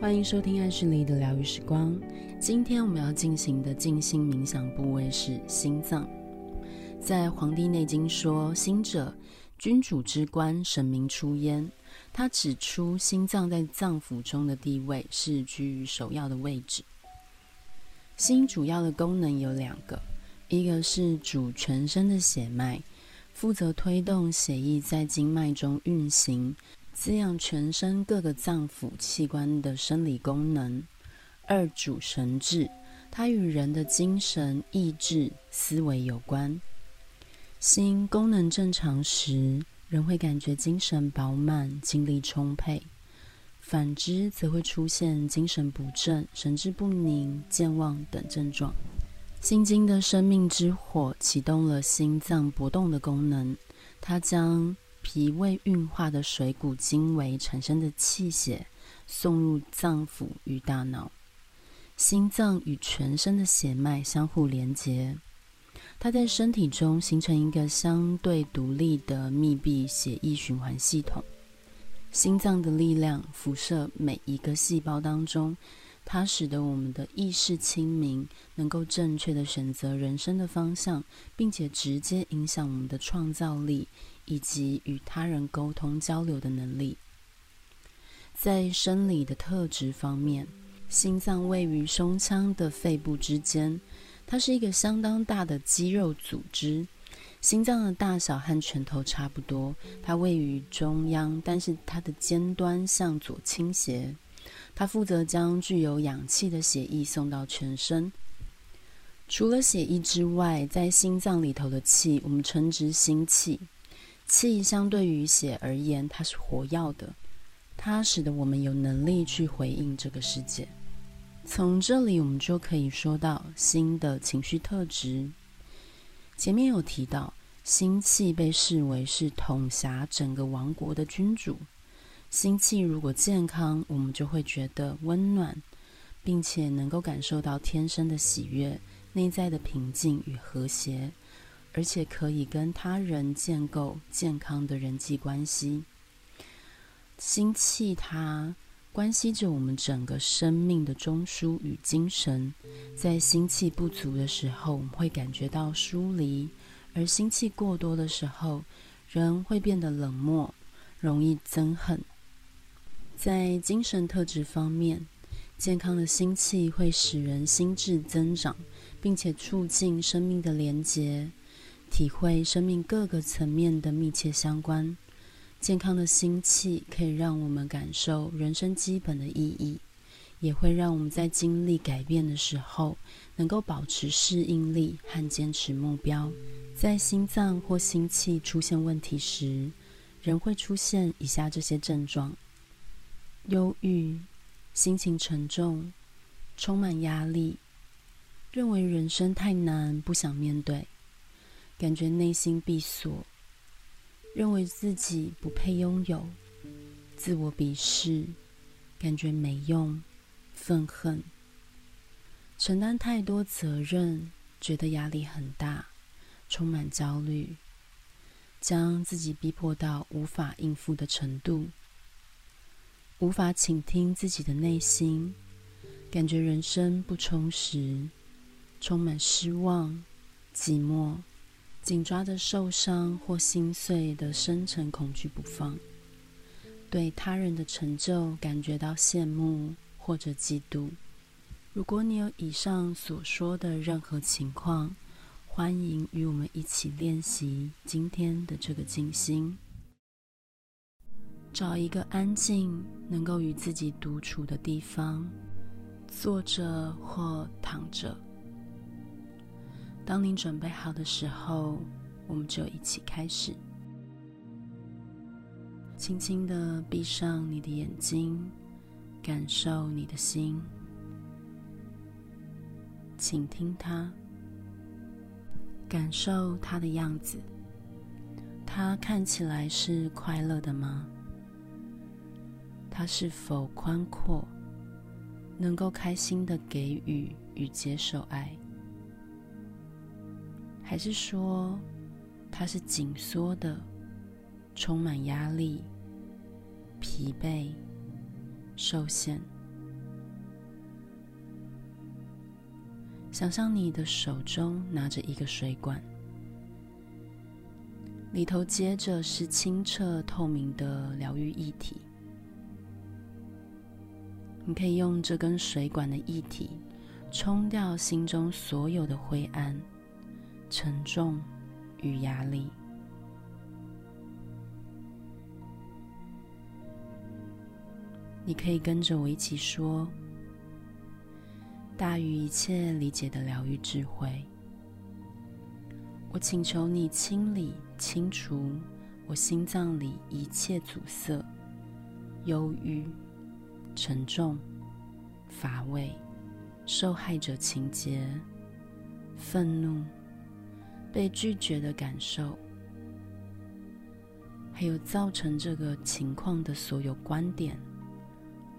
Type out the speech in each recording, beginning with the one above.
歡迎收聽愛旭黎的療癒時光。今天我們要進行的靜心冥想部位是心臟。在《黃帝內經》說：“心者，君主之官，神明出焉。”他指出，心臟在臟腑中的地位是居於首要的位置。心主要的功能有兩個，一個是主全身的血脈，負責推動血液在經脈中運行。滋養全身各個臟腑器官的生理功能，二主神志，它與人的精神、意志、思維有關。心功能正常時，人會感覺精神飽滿、精力充沛；反之，則會出現精神不振、神志不寧、健忘等症狀。心經的生命之火啟動了心臟搏動的功能，它將。脾胃運化的水谷精微產生的氣血，送入臟腑與大腦。心臟與全身的血脈相互連接，它在身體中形成一個相對獨立的密閉血液循環系統。心臟的力量輻射每一個細胞當中。它使得我們的意識清明，能夠正確地選擇人生的方向，並且直接影響我們的創造力以及與他人溝通交流的能力。在生理的特質方面，心臟位於胸腔的肺部之間，它是一個相當大的肌肉組織。心臟的大小和拳頭差不多，它位於中央，但是它的尖端向左傾斜。它負責將具有氧氣的血液送到全身。除了血液之外，在心臟裡頭的氣，我們稱之心氣。氣相對於血而言，它是活躍的，它使得我們有能力去回應這個世界。從這裡，我們就可以說到心的情緒特質。前面有提到，心氣被視為是統轄整個王國的君主。心氣如果健康，我們就會覺得溫暖，並且能夠感受到天生的喜悅、內在的平靜與和諧，而且可以跟他人建構健康的人際關係。心氣它關係着我們整個生命的中樞與精神，在心氣不足的時候，我們會感覺到疏離；而心氣過多的時候，人會變得冷漠，容易憎恨。在精神特質方面，健康的心氣會使人心智增長，並且促進生命的連結，體會生命各個層面的密切相關。健康的心氣可以讓我們感受人生基本的意義，也會讓我們在經歷改變的時候能夠保持適應力和堅持目標。在心臟或心氣出現問題時，人會出現以下這些症狀。憂鬱，心情沉重，充滿壓力，認為人生太難，不想面對，感覺內心閉鎖，認為自己不配擁有，自我鄙視，感覺沒用，憤恨，承擔太多責任，覺得壓力很大，充滿焦慮，將自己逼迫到無法應付的程度。無法傾聽自己的內心，感覺人生不充實，充滿失望、寂寞，緊抓着受傷或心碎的深沉恐懼不放，對他人的成就感覺到羨慕或者嫉妒。如果你有以上所說的任何情況，歡迎與我們一起練習今天的這個靜心。找一個安靜、能夠與自己獨處的地方，坐着或躺着。當你準備好的時候，我們就一起開始。輕輕的閉上你的眼睛，感受你的心，請聽它，感受它的樣子。它看起來是快樂的嗎？它是否寬闊，能夠開心的給予與接受愛？還是說它是緊縮的，充滿壓力、疲憊、受限？想象你的手中拿着一個水管，裡頭接着是清澈透明的療癒液體。你可以用這根水管的液體，沖掉心中所有的灰暗、沉重與壓力。你可以跟着我一起說：“大於一切理解的療癒智慧。”我請求你清理、清除我心臟裡一切阻塞、憂鬱。沉重、乏味、受害者情結、憤怒、被拒絕的感受，還有造成這個情況的所有觀點、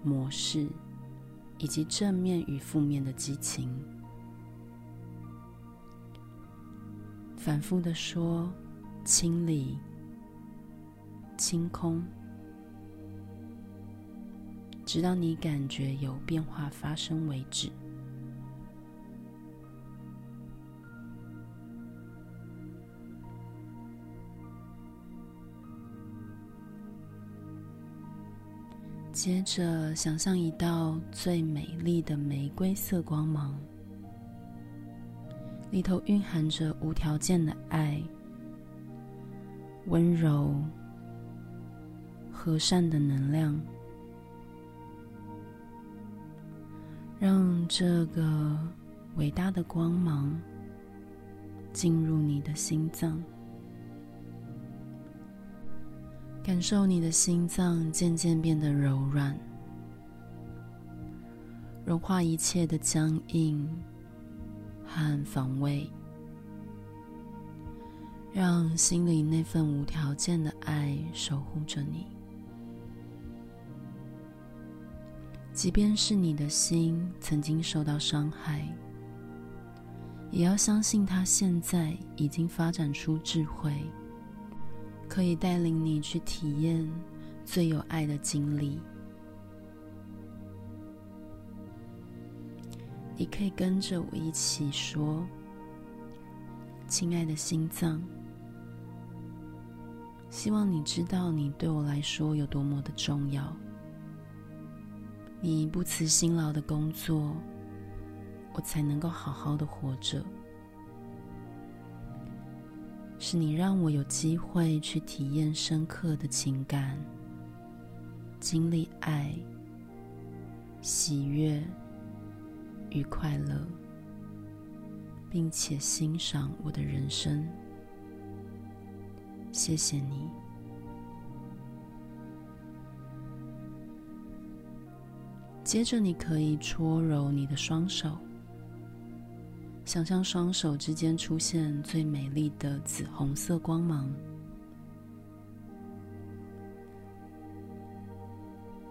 模式，以及正面與負面的激情，反覆地說，清理、清空。直到你感覺有變化發生為止。接着，想象一道最美麗的玫瑰色光芒，裡頭蘊含着無條件的愛、溫柔、和善的能量。讓這個偉大的光芒進入你的心臟，感受你的心臟漸漸變得柔軟，融化一切的僵硬和防衛，讓心裡那份無條件的愛守護着你。即便是你的心曾經受到傷害，也要相信他現在已經發展出智慧，可以帶領你去體驗最有愛的經歷。你可以跟着我一起說：“親愛的心臟，希望你知道你對我來說有多麼的重要。”你不辭辛勞的工作，我才能夠好好的活着。是你讓我有機會去體驗深刻的情感，經歷愛、喜悅與快樂，並且欣賞我的人生。謝謝你。接着，你可以搓揉你的雙手，想象雙手之間出現最美麗的紫紅色光芒，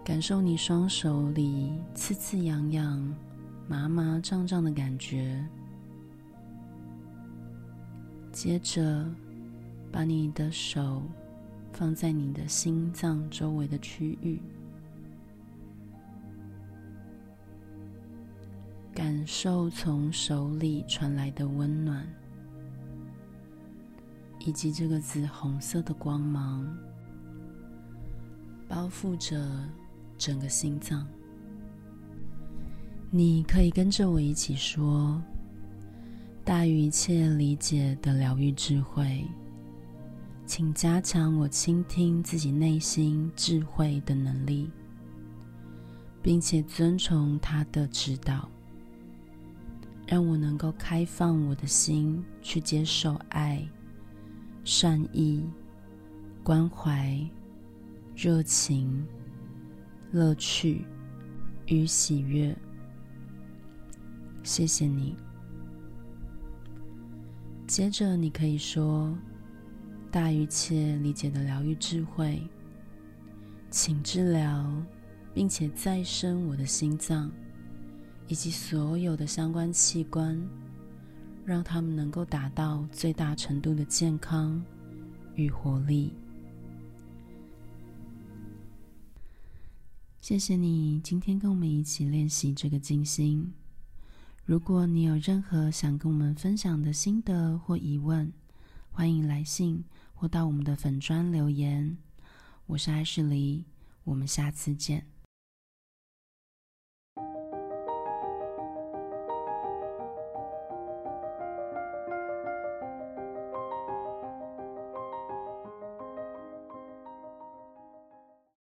感受你雙手裡刺刺癢癢、麻麻脹脹的感覺。接着，把你的手放在你的心臟周圍的區域。感受從手裡傳來的溫暖，以及這個紫紅色的光芒，包覆着整個心臟。你可以跟着我一起說：“大於一切理解的療癒智慧，請加強我傾聽自己內心智慧的能力，並且遵從他的指導。”讓我能夠開放我的心，去接受愛、善意、關懷、熱情、樂趣與喜悅。謝謝你。接着，你可以說：“大於一切理解的療癒智慧，請治療並且再生我的心臟。”以及所有的相關器官，讓他們能夠達到最大程度的健康與活力。謝謝你今天跟我們一起練習這個靜心。如果你有任何想跟我們分享的心得或疑問，歡迎來信或到我們的粉專留言。我是愛旭黎，我們下次見。